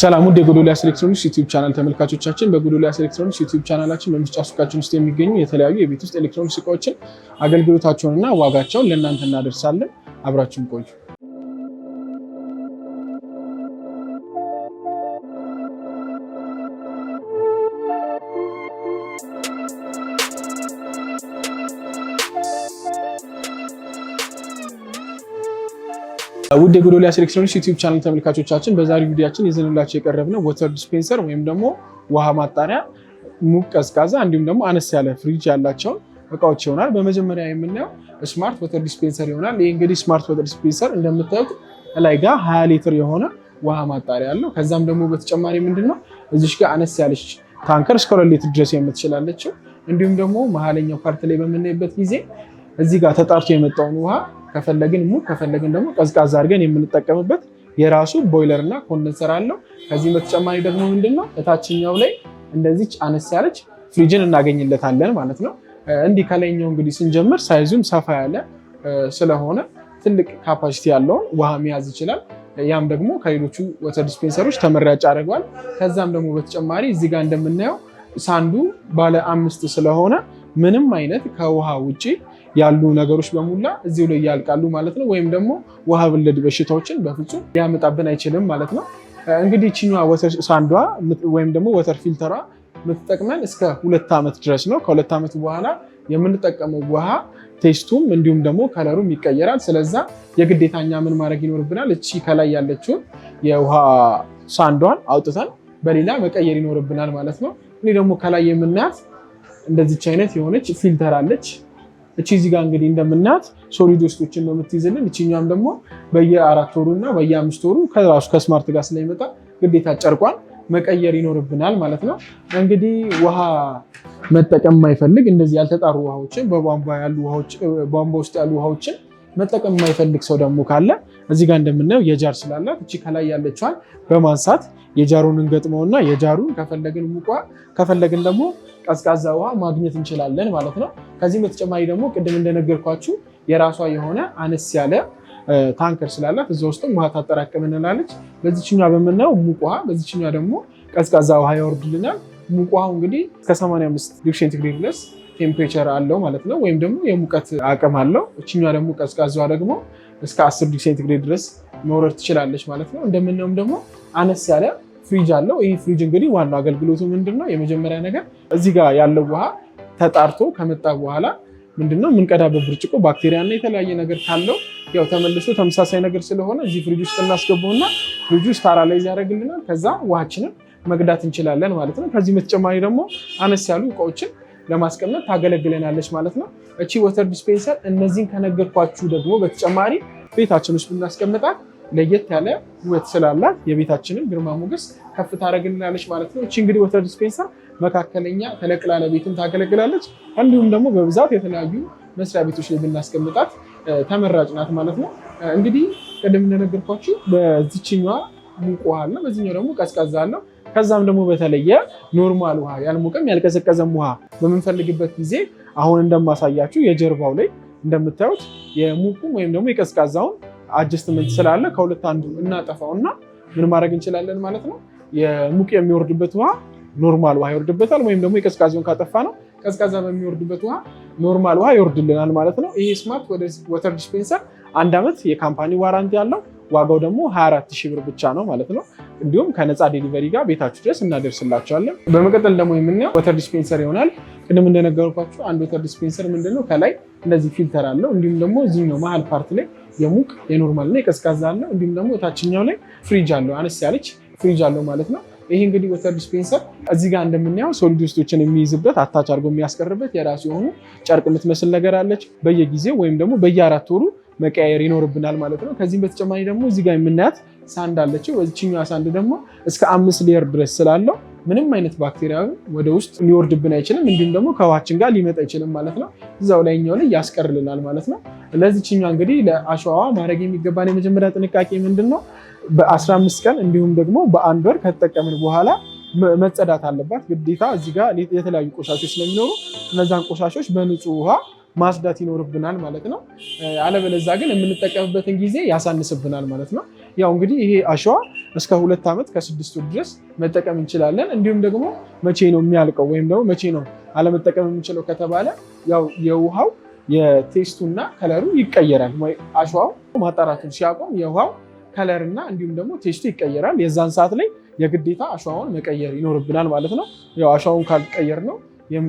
ሰላም ውድ የጎዶልያስ ኤሌክትሮኒክስ ዩቲዩብ ቻናል ተመልካቾቻችን፣ በጎዶልያስ ኤሌክትሮኒክስ ዩቲዩብ ቻናላችን በምስጫ ሱቃችን ውስጥ የሚገኙ የተለያዩ የቤት ውስጥ ኤሌክትሮኒክስ እቃዎችን አገልግሎታቸውንና ዋጋቸውን ለእናንተ እናደርሳለን። አብራችሁን ቆዩ። ውድ የጎዶልያስ ኤሌክትሮኒክስ ዩቲዩብ ቻናል ተመልካቾቻችን በዛሬ ቪዲያችን ይዘንላቸው የቀረብነው ወተር ዲስፔንሰር ወይም ደግሞ ውሃ ማጣሪያ ሙቅ፣ ቀዝቃዛ እንዲሁም ደግሞ አነስ ያለ ፍሪጅ ያላቸውን እቃዎች ይሆናል። በመጀመሪያ የምናየው ስማርት ወተር ዲስፔንሰር ይሆናል። ይህ እንግዲህ ስማርት ወተር ዲስፔንሰር እንደምታዩት ላይ ጋር ሀያ ሊትር የሆነ ውሃ ማጣሪያ አለው። ከዛም ደግሞ በተጨማሪ ምንድን ነው እዚሽ ጋር አነስ ያለች ታንከር እስከ ሁለት ሊትር ድረስ የምትችላለችው እንዲሁም ደግሞ መሀለኛው ፓርት ላይ በምናይበት ጊዜ እዚህ ጋር ተጣርቶ የመጣውን ውሃ ከፈለግን ሙቅ ከፈለግን ደግሞ ቀዝቃዛ አድርገን የምንጠቀምበት የራሱ ቦይለር እና ኮንደንሰር አለው። ከዚህም በተጨማሪ ደግሞ ምንድነው እታችኛው ላይ እንደዚች አነስ ያለች ፍሪጅን እናገኝለታለን ማለት ነው። እንዲህ ከላይኛው እንግዲህ ስንጀምር ሳይዙም ሰፋ ያለ ስለሆነ ትልቅ ካፓሲቲ ያለውን ውሃ መያዝ ይችላል። ያም ደግሞ ከሌሎቹ ወተር ዲስፔንሰሮች ተመራጭ አድርጓል። ከዛም ደግሞ በተጨማሪ እዚህ ጋር እንደምናየው ሳንዱ ባለ አምስት ስለሆነ ምንም አይነት ከውሃ ውጪ ያሉ ነገሮች በሙላ እዚሁ ላይ ያልቃሉ ማለት ነው። ወይም ደግሞ ውሃ ወለድ በሽታዎችን በፍጹም ሊያመጣብን አይችልም ማለት ነው። እንግዲህ ይችኛዋ ወተር ሳንዷ ወይም ደግሞ ወተር ፊልተሯ የምትጠቅመን እስከ ሁለት ዓመት ድረስ ነው። ከሁለት ዓመት በኋላ የምንጠቀመው ውሃ ቴስቱም እንዲሁም ደግሞ ከለሩም ይቀየራል። ስለዛ የግዴታኛ ምን ማድረግ ይኖርብናል? እቺ ከላይ ያለችውን የውሃ ሳንዷን አውጥተን በሌላ መቀየር ይኖርብናል ማለት ነው። እኔ ደግሞ ከላይ የምናያት እንደዚች አይነት የሆነች ፊልተር አለች። እቺ እዚህ ጋር እንግዲህ እንደምናያት ሶሊድ ውስጦችን ነው የምትይዝልን። እቺኛም ደግሞ በየአራት ወሩ እና በየአምስት ወሩ ከራሱ ከስማርት ጋር ስለሚመጣ ግዴታ ጨርቋን መቀየር ይኖርብናል ማለት ነው። እንግዲህ ውሃ መጠቀም የማይፈልግ እንደዚህ ያልተጣሩ ውሃዎችን በቧንቧ ቧንቧ ውስጥ ያሉ ውሃዎችን መጠቀም የማይፈልግ ሰው ደግሞ ካለ እዚህ ጋር እንደምናየው የጃር ስላላት እቺ ከላይ ያለችዋን በማንሳት የጃሩን እንገጥመውና የጃሩን ከፈለግን ሙቋ ከፈለግን ደግሞ ቀዝቃዛ ውሃ ማግኘት እንችላለን ማለት ነው። ከዚህም በተጨማሪ ደግሞ ቅድም እንደነገርኳችሁ የራሷ የሆነ አነስ ያለ ታንከር ስላላት እዛ ውስጥም ውሃ ታጠራቅም እንላለች። በዚችኛ በምናየው ሙቅ ውሃ፣ በዚችኛ ደግሞ ቀዝቃዛ ውሃ ያወርድልናል። ሙቅ ውሃው እንግዲህ እስከ 85 ዲግሪ ሴንቲግሬድ ድረስ ቴምፕሬቸር አለው ማለት ነው፣ ወይም ደግሞ የሙቀት አቅም አለው። እችኛ ደግሞ ቀዝቃዛዋ ደግሞ እስከ 10 ዲግሪ ሴንቲግሬድ ድረስ መውረድ ትችላለች ማለት ነው። እንደምናየውም ደግሞ አነስ ያለ ፍሪጅ አለው። ይህ ፍሪጅ እንግዲህ ዋናው አገልግሎቱ ምንድን ነው? የመጀመሪያ ነገር እዚህ ጋር ያለው ውሃ ተጣርቶ ከመጣ በኋላ ምንድነው የምንቀዳበት ብርጭቆ ባክቴሪያ እና የተለያየ ነገር ካለው ያው ተመልሶ ተመሳሳይ ነገር ስለሆነ እዚህ ፍሪጅ ውስጥ እናስገባውና ፍሪጅ ውስጥ ላይ ያደርግልናል። ከዛ ውሃችንን መቅዳት እንችላለን ማለት ነው። ከዚህ በተጨማሪ ደግሞ አነስ ያሉ እቃዎችን ለማስቀመጥ ታገለግለናለች ማለት ነው። እቺ ወተር ዲስፔንሰር እነዚህን ከነገርኳችሁ ደግሞ በተጨማሪ ቤታችን ውስጥ ብናስቀምጣል ለየት ያለ ውበት ስላላት የቤታችንን ግርማ ሞገስ ከፍ ታደረግልናለች ማለት ነው። እቺ እንግዲህ ወተር ዲስፔንሰር መካከለኛ ተለቅላለ ቤትም ታገለግላለች። እንዲሁም ደግሞ በብዛት የተለያዩ መስሪያ ቤቶች ላይ ብናስቀምጣት ተመራጭ ናት ማለት ነው። እንግዲህ ቅድም እንደነገርኳችሁ በዚችኛዋ ሙቅ ውሃ አለ፣ ደግሞ ቀዝቃዛ አለው። ከዛም ደግሞ በተለየ ኖርማል ውሃ ያልሞቀም ያልቀዘቀዘም ውሃ በምንፈልግበት ጊዜ አሁን እንደማሳያችሁ የጀርባው ላይ እንደምታዩት የሙቁም ወይም ደግሞ የቀዝቃዛውን አጀስትመንት ስላለ ከሁለት አንዱ እናጠፋው እና ምን ማድረግ እንችላለን ማለት ነው። የሙቅ የሚወርድበት ውሃ ኖርማል ውሃ ይወርድበታል፣ ወይም ደግሞ የቀዝቃዜውን ካጠፋ ነው ቀዝቃዛ በሚወርድበት ውሃ ኖርማል ውሃ ይወርድልናል ማለት ነው። ይሄ ስማርት ወተር ዲስፔንሰር አንድ ዓመት የካምፓኒ ዋራንቲ ያለው ዋጋው ደግሞ 24 ሺህ ብር ብቻ ነው ማለት ነው። እንዲሁም ከነፃ ዴሊቨሪ ጋር ቤታችሁ ድረስ እናደርስላቸዋለን። በመቀጠል ደግሞ የምናየው ወተር ዲስፔንሰር ይሆናል። ቅድም እንደነገርኳችሁ አንድ ወተር ዲስፔንሰር ምንድነው ከላይ እንደዚህ ፊልተር አለው እንዲሁም ደግሞ እዚህ ነው መሀል ፓርት ላይ የሙቅ የኖርማል እና የቀዝቃዛ አለው። እንዲሁም ደግሞ የታችኛው ላይ ፍሪጅ አለው፣ አነስ ያለች ፍሪጅ አለው ማለት ነው። ይሄ እንግዲህ ወተር ዲስፔንሰር እዚህ ጋር እንደምናየው ሶሊድ ውስቶችን የሚይዝበት አታች አድርጎ የሚያስቀርበት የራሱ የሆኑ ጨርቅ የምትመስል ነገር አለች። በየጊዜው ወይም ደግሞ በየአራት ወሩ መቀያየር ይኖርብናል ማለት ነው። ከዚህም በተጨማሪ ደግሞ እዚህ ጋር የምናያት ሳንድ አለችው። በዚችኛዋ ሳንድ ደግሞ እስከ አምስት ሌየር ድረስ ስላለው ምንም አይነት ባክቴሪያ ወደ ውስጥ ሊወርድብን አይችልም። እንዲሁም ደግሞ ከውሃችን ጋር ሊመጣ አይችልም ማለት ነው። እዛው ላይኛው ላይ ያስቀርልናል ማለት ነው። ለዚችኛ እንግዲህ ለአሸዋዋ ማድረግ የሚገባን የመጀመሪያ ጥንቃቄ ምንድን ነው? በ15 ቀን እንዲሁም ደግሞ በአንድ ወር ከተጠቀምን በኋላ መጸዳት አለባት ግዴታ። እዚህ ጋር የተለያዩ ቆሻሾች ስለሚኖሩ እነዛን ቆሻሾች በንጹህ ውሃ ማስዳት ይኖርብናል ማለት ነው። አለበለዛ ግን የምንጠቀምበትን ጊዜ ያሳንስብናል ማለት ነው። ያው እንግዲህ ይሄ አሸዋ እስከ ሁለት ዓመት ከስድስት ወር ድረስ መጠቀም እንችላለን። እንዲሁም ደግሞ መቼ ነው የሚያልቀው ወይም ደግሞ መቼ ነው አለመጠቀም የምንችለው ከተባለ ያው የውሃው የቴስቱና ከለሩ ይቀየራል። ወይ አሸዋው ማጣራቱን ሲያቆም የውሃው ከለርና እንዲሁም ደግሞ ቴስቱ ይቀየራል። የዛን ሰዓት ላይ የግዴታ አሸዋውን መቀየር ይኖርብናል ማለት ነው። ያው አሸዋውን ካልቀየር ነው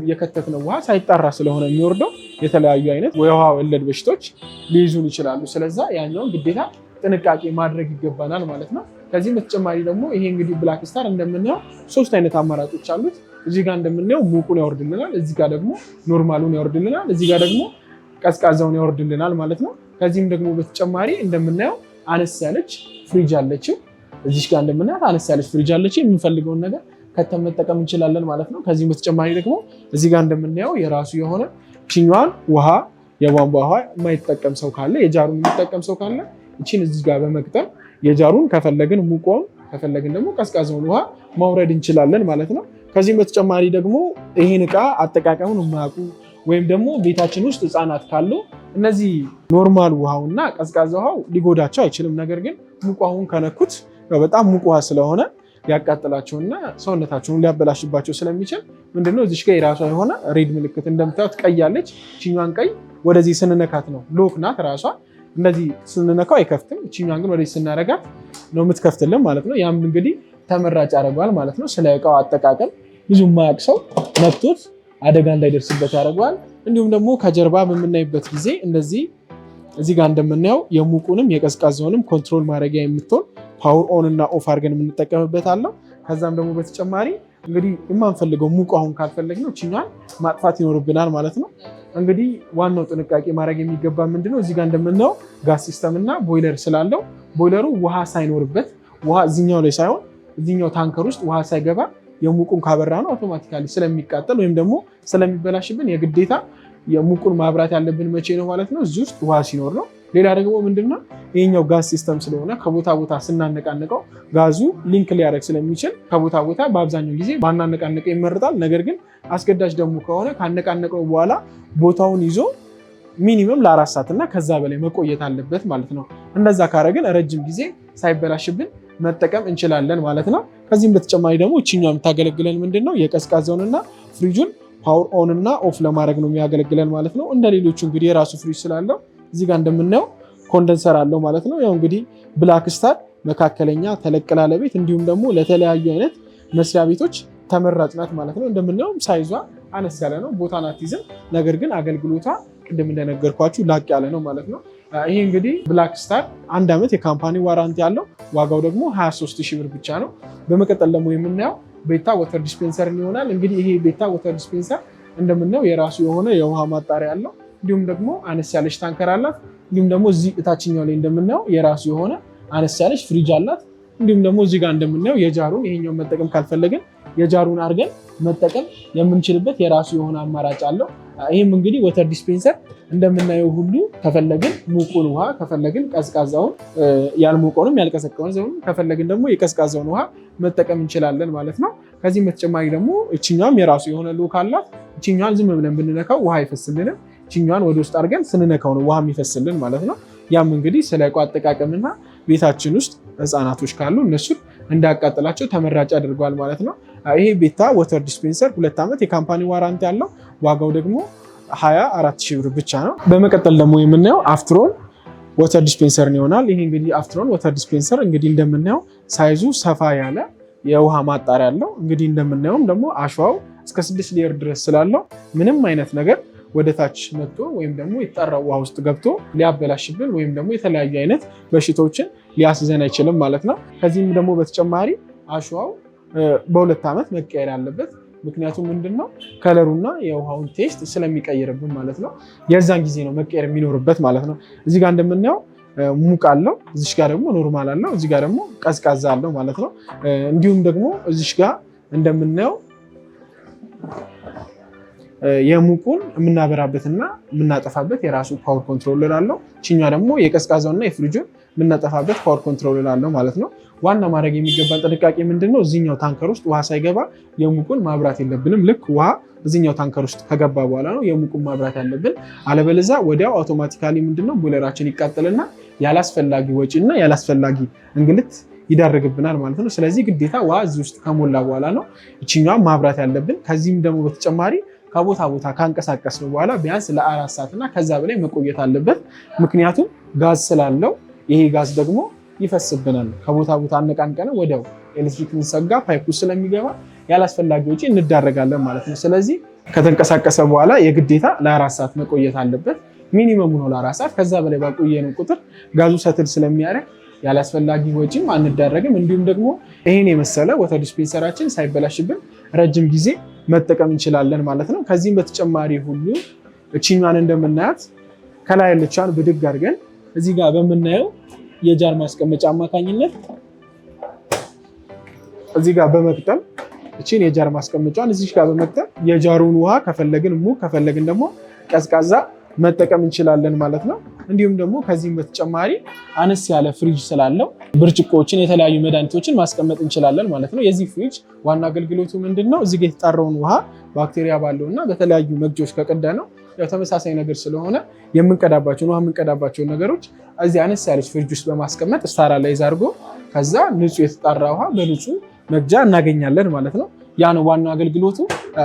የከተትነው ውሃ ሳይጣራ ስለሆነ የሚወርደው የተለያዩ አይነት የውሃ ወለድ በሽቶች ሊይዙን ይችላሉ። ስለዛ ያኛውን ግዴታ ጥንቃቄ ማድረግ ይገባናል ማለት ነው። ከዚህም በተጨማሪ ደግሞ ይሄ እንግዲህ ብላክ ስታር እንደምናየው ሶስት አይነት አማራጮች አሉት። እዚህ ጋር እንደምናየው ሙቁን ያወርድልናል፣ እዚህ ጋር ደግሞ ኖርማሉን ያወርድልናል፣ እዚህ ጋር ደግሞ ቀዝቃዛውን ያወርድልናል ማለት ነው። ከዚህም ደግሞ በተጨማሪ እንደምናየው አነስ ያለች ፍሪጅ አለችው። እዚች ጋር እንደምናያት አነስ ያለች ፍሪጅ አለች የምንፈልገውን ነገር ከተን መጠቀም እንችላለን ማለት ነው። ከዚህም በተጨማሪ ደግሞ እዚህ ጋር እንደምናየው የራሱ የሆነ ችኛዋን ውሃ የቧንቧ ውሃ የማይጠቀም ሰው ካለ የጃሩን የሚጠቀም ሰው ካለ እቺን እዚህ ጋር በመቅጠም የጃሩን ከፈለግን ሙቆም ከፈለግን ደግሞ ቀዝቃዛውን ውሃ ማውረድ እንችላለን ማለት ነው። ከዚህም በተጨማሪ ደግሞ ይህን እቃ አጠቃቀሙን የማያውቁ ወይም ደግሞ ቤታችን ውስጥ ህፃናት ካሉ እነዚህ ኖርማል እና ቀዝቃዛ ውሃው ሊጎዳቸው አይችልም። ነገር ግን ሙቅ ውሃውን ከነኩት በጣም ሙቅ ውሃ ስለሆነ ሊያቃጥላቸውና ሰውነታቸውን ሊያበላሽባቸው ስለሚችል ምንድነው እዚሽ ጋ የራሷ የሆነ ሬድ ምልክት እንደምታዩት ቀይ ያለች ችኛን ቀይ ወደዚህ ስንነካት ነው ሎክ ናት ራሷ እንደዚህ ስንነካው አይከፍትም። እችኛን ግን ወደዚህ ስናደርጋት ነው የምትከፍትልን ማለት ነው። ያም እንግዲህ ተመራጭ ያደርገዋል ማለት ነው። ስለ እቃው አጠቃቀም ብዙ የማያውቅ ሰው ነክቶት አደጋ እንዳይደርስበት ያደርገዋል። እንዲሁም ደግሞ ከጀርባ በምናይበት ጊዜ እንደዚህ እዚህ ጋር እንደምናየው የሙቁንም የቀዝቃዛውንም ኮንትሮል ማድረጊያ የምትሆን ፓወር ኦን እና ኦፍ አድርገን የምንጠቀምበት አለው። ከዛም ደግሞ በተጨማሪ እንግዲህ የማንፈልገው ሙቅ አሁን ነው ችኛን ማጥፋት ይኖርብናል ማለት ነው። እንግዲህ ዋናው ጥንቃቄ ማድረግ የሚገባ ምንድነው እዚህ ጋር እንደምናየው ጋዝ ሲስተም እና ቦይለር ስላለው ቦይለሩ ውሃ ሳይኖርበት ውሃ እዚኛው ላይ ሳይሆን እዚኛው ታንከር ውስጥ ውሃ ሳይገባ የሙቁን ካበራ ነው አውቶማቲካሊ ስለሚቃጠል ወይም ደግሞ ስለሚበላሽብን የግዴታ የሙቁን ማብራት ያለብን መቼ ነው ማለት ነው? እዚህ ውስጥ ውሃ ሲኖር ነው። ሌላ ደግሞ ምንድነው ይህኛው ጋዝ ሲስተም ስለሆነ ከቦታ ቦታ ስናነቃንቀው ጋዙ ሊንክ ሊያደርግ ስለሚችል ከቦታ ቦታ በአብዛኛው ጊዜ ባናነቃንቀው ይመርጣል። ነገር ግን አስገዳጅ ደግሞ ከሆነ ካነቃነቀው በኋላ ቦታውን ይዞ ሚኒመም ለአራት ሰዓት እና ከዛ በላይ መቆየት አለበት ማለት ነው። እንደዛ ካረግን ረጅም ጊዜ ሳይበላሽብን መጠቀም እንችላለን ማለት ነው። ከዚህም በተጨማሪ ደግሞ እችኛው የምታገለግለን ምንድን ነው የቀዝቃዛውንና ፍሪጁን ፓወር ኦን እና ኦፍ ለማድረግ ነው የሚያገለግለን ማለት ነው። እንደ ሌሎቹ እንግዲህ የራሱ ፍሪጅ ስላለው እዚህ ጋር እንደምናየው ኮንደንሰር አለው ማለት ነው። ያው እንግዲህ ብላክ ስታር መካከለኛ ተለቅ ላለ ቤት እንዲሁም ደግሞ ለተለያዩ አይነት መስሪያ ቤቶች ተመራጭ ናት ማለት ነው። እንደምናየውም ሳይዟ አነስ ያለ ነው፣ ቦታን አትይዝም። ነገር ግን አገልግሎቷ ቅድም እንደነገርኳችሁ ላቅ ያለ ነው ማለት ነው። ይሄ እንግዲህ ብላክ ስታር አንድ ዓመት የካምፓኒ ዋራንቲ ያለው ዋጋው ደግሞ 23 ሺህ ብር ብቻ ነው። በመቀጠል ደግሞ የምናየው ቤታ ወተር ዲስፔንሰር ይሆናል። እንግዲህ ይሄ ቤታ ወተር ዲስፔንሰር እንደምናየው የራሱ የሆነ የውሃ ማጣሪያ አለው። እንዲሁም ደግሞ አነስ ያለች ታንከር አላት። እንዲሁም ደግሞ እዚህ እታችኛው ላይ እንደምናየው የራሱ የሆነ አነስ ያለች ፍሪጅ አላት። እንዲሁም ደግሞ እዚህ ጋር እንደምናየው የጃሩን ይሄኛውን መጠቀም ካልፈለግን የጃሩን አድርገን መጠቀም የምንችልበት የራሱ የሆነ አማራጭ አለው። ይህም እንግዲህ ወተር ዲስፔንሰር እንደምናየው ሁሉ ከፈለግን ሙቁን ውሃ ከፈለግን ቀዝቃዛውን ያልሞቀውንም ያልቀሰቀውን ከፈለግን ደግሞ የቀዝቃዛውን ውሃ መጠቀም እንችላለን ማለት ነው። ከዚህም በተጨማሪ ደግሞ እችኛም የራሱ የሆነ ልክ አላት። እችኛን ዝም ብለን ብንነካው ውሃ አይፈስልንም። እችኛን ወደ ውስጥ አድርገን ስንነካው ነው ውሃ የሚፈስልን ማለት ነው። ያም እንግዲህ ስለ እቃ አጠቃቀምና ቤታችን ውስጥ ህፃናቶች ካሉ እነሱን እንዳያቃጥላቸው ተመራጭ አድርገዋል ማለት ነው። ይሄ ቤታ ወተር ዲስፔንሰር ሁለት ዓመት የካምፓኒ ዋራንት አለው። ዋጋው ደግሞ 24 ሺህ ብር ብቻ ነው። በመቀጠል ደግሞ የምናየው አፍትሮን ወተር ዲስፔንሰርን ይሆናል። ይሄ እንግዲህ አፍትሮን ወተር ዲስፔንሰር እንግዲህ እንደምናየው ሳይዙ ሰፋ ያለ የውሃ ማጣሪያ አለው። እንግዲህ እንደምናየውም ደግሞ አሸዋው እስከ ስድስት ሊየር ድረስ ስላለው ምንም አይነት ነገር ወደታች መጥቶ ወይም ደግሞ የጠራው ውሃ ውስጥ ገብቶ ሊያበላሽብን ወይም ደግሞ የተለያዩ አይነት በሽቶችን ሊያስዘን አይችልም ማለት ነው። ከዚህም ደግሞ በተጨማሪ አሸዋው በሁለት ዓመት መቀየር ያለበት ምክንያቱም ምንድን ነው ከለሩና የውሃውን ቴስት ስለሚቀይርብን ማለት ነው። የዛን ጊዜ ነው መቀየር የሚኖርበት ማለት ነው። እዚህ ጋር እንደምናየው ሙቅ አለው፣ እዚሽ ጋር ደግሞ ኖርማል አለው፣ እዚህ ጋር ደግሞ ቀዝቃዛ አለው ማለት ነው። እንዲሁም ደግሞ እዚሽ ጋር እንደምናየው የሙቁን የምናበራበትና የምናጠፋበት የራሱ ፓወር ኮንትሮለር አለው። ችኛ ደግሞ የቀዝቃዛውና የፍሪጁን የምናጠፋበት ፓወር ኮንትሮል አለው ማለት ነው። ዋና ማድረግ የሚገባን ጥንቃቄ ምንድን ነው? እዚኛው ታንከር ውስጥ ውሃ ሳይገባ የሙቁን ማብራት የለብንም። ልክ ውሃ እዚኛው ታንከር ውስጥ ከገባ በኋላ ነው የሙቁን ማብራት ያለብን። አለበለዛ ወዲያው አውቶማቲካሊ ምንድነው ነው ቦይለራችን ይቃጠልና ያላስፈላጊ ወጪ እና ያላስፈላጊ እንግልት ይዳርግብናል ማለት ነው። ስለዚህ ግዴታ ውሃ እዚህ ውስጥ ከሞላ በኋላ ነው እችኛዋ ማብራት ያለብን። ከዚህም ደግሞ በተጨማሪ ከቦታ ቦታ ካንቀሳቀስ ነው በኋላ ቢያንስ ለአራት ሰዓት እና ከዛ በላይ መቆየት አለበት ምክንያቱም ጋዝ ስላለው ይሄ ጋዝ ደግሞ ይፈስብናል። ከቦታ ቦታ አነቃንቀነ ወዲያው ኤሌክትሪክ ንሰጋ ፓይፕ ስለሚገባ ያላስፈላጊ ወጪ እንዳረጋለን ማለት ነው። ስለዚህ ከተንቀሳቀሰ በኋላ የግዴታ ለአራት ሰዓት መቆየት አለበት። ሚኒመሙ ነው ለአራት ሰዓት። ከዛ በላይ ባቆየነው ቁጥር ጋዙ ሰትል ስለሚያደርግ ያላስፈላጊ ወጪም አንዳረግም። እንዲሁም ደግሞ ይህን የመሰለ ወተር ዲስፔንሰራችን ሳይበላሽብን ረጅም ጊዜ መጠቀም እንችላለን ማለት ነው። ከዚህም በተጨማሪ ሁሉ እችኛን እንደምናያት ከላይ ያለችን ብድግ አድርገን እዚህ ጋር በምናየው የጃር ማስቀመጫ አማካኝነት እዚህ ጋር በመቅጠም እቺን የጃር ማስቀመጫን እዚህ ጋር በመቅጠም የጃሩን ውሃ ከፈለግን ሙቅ ከፈለግን ደግሞ ቀዝቃዛ መጠቀም እንችላለን ማለት ነው። እንዲሁም ደግሞ ከዚህም በተጨማሪ አነስ ያለ ፍሪጅ ስላለው ብርጭቆዎችን፣ የተለያዩ መድኃኒቶችን ማስቀመጥ እንችላለን ማለት ነው። የዚህ ፍሪጅ ዋና አገልግሎቱ ምንድን ነው? እዚህ ጋ የተጣራውን ውሃ ባክቴሪያ ባለው እና በተለያዩ መግጆች ከቀዳ ነው ያው ተመሳሳይ ነገር ስለሆነ የምንቀዳባቸውን ውሃ የምንቀዳባቸውን ነገሮች እዚህ አነስ ያለች ፍሪጅ ውስጥ በማስቀመጥ ላይ ዛርጎ ከዛ ንጹህ የተጣራ ውሃ በንጹህ መግጃ እናገኛለን ማለት ነው። ያ ነው ዋና አገልግሎቱ።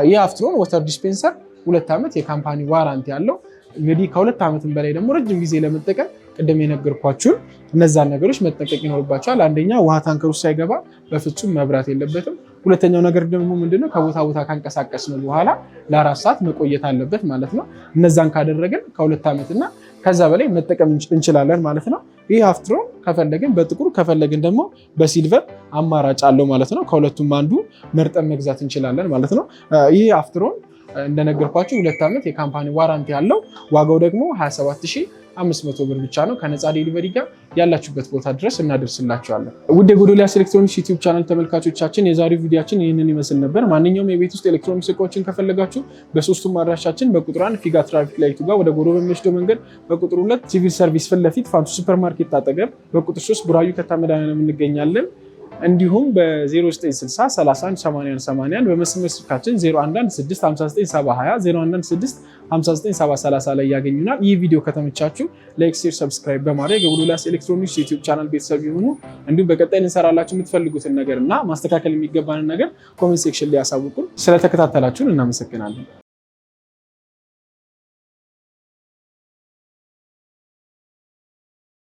ይህ አፍትሮን ወተር ዲስፔንሰር ሁለት ዓመት የካምፓኒ ዋራንቲ ያለው እንግዲህ ከሁለት ዓመትም በላይ ደግሞ ረጅም ጊዜ ለመጠቀም ቅድም የነገርኳችሁን እነዛን ነገሮች መጠንቀቅ ይኖርባቸዋል። አንደኛ ውሃ ታንከር ውስጥ ሳይገባ በፍጹም መብራት የለበትም። ሁለተኛው ነገር ደግሞ ምንድነው ከቦታ ቦታ ነው በኋላ ለአራት ሰዓት መቆየት አለበት ማለት ነው። እነዛን ካደረግን ከሁለት ዓመትና ከዛ በላይ መጠቀም እንችላለን ማለት ነው። ይህ አፍትሮን ከፈለግን በጥቁር ከፈለግን ደግሞ በሲልቨር አማራጭ አለው ማለት ነው። ከሁለቱም አንዱ መርጠን መግዛት እንችላለን ማለት ነው። ይህ አፍትሮን እንደነገርኳቸው ሁለት ዓመት የካምፓኒ ዋራንቲ ያለው ዋጋው ደግሞ 27000 አምስት መቶ ብር ብቻ ነው ከነፃ ዴሊቨሪ ጋር ያላችሁበት ቦታ ድረስ እናደርስላችኋለን። ውድ የጎዶልያስ ኤሌክትሮኒክስ ዩቲዩብ ቻናል ተመልካቾቻችን የዛሬው ቪዲዮችን ይህንን ይመስል ነበር። ማንኛውም የቤት ውስጥ ኤሌክትሮኒክስ እቃዎችን ከፈለጋችሁ በሶስቱም አድራሻችን በቁጥር አንድ ፊጋ ትራፊክ ላይቱ ጋር ወደ ጎዶ በሚወስደው መንገድ፣ በቁጥር ሁለት ሲቪል ሰርቪስ ፊት ለፊት ፋንቱ ሱፐርማርኬት አጠገብ፣ በቁጥር ሶስት ቡራዩ ከተማ መድኃኒዓለም እንገኛለን። እንዲሁም በ0960 318181 በመስመር ስልካችን 0116597020 ላይ ያገኙናል። ይህ ቪዲዮ ከተመቻችሁ ላይክ፣ ሼር፣ ሰብስክራይብ በማድረግ የጎዶልያስ ኤሌክትሮኒክስ ዩቲዩብ ቻናል ቤተሰብ ይሁኑ። እንዲሁም በቀጣይ እንሰራላችሁ የምትፈልጉትን ነገር እና ማስተካከል የሚገባንን ነገር ኮሜንት ሴክሽን ላይ ያሳውቁን። ስለተከታተላችሁን እናመሰግናለን።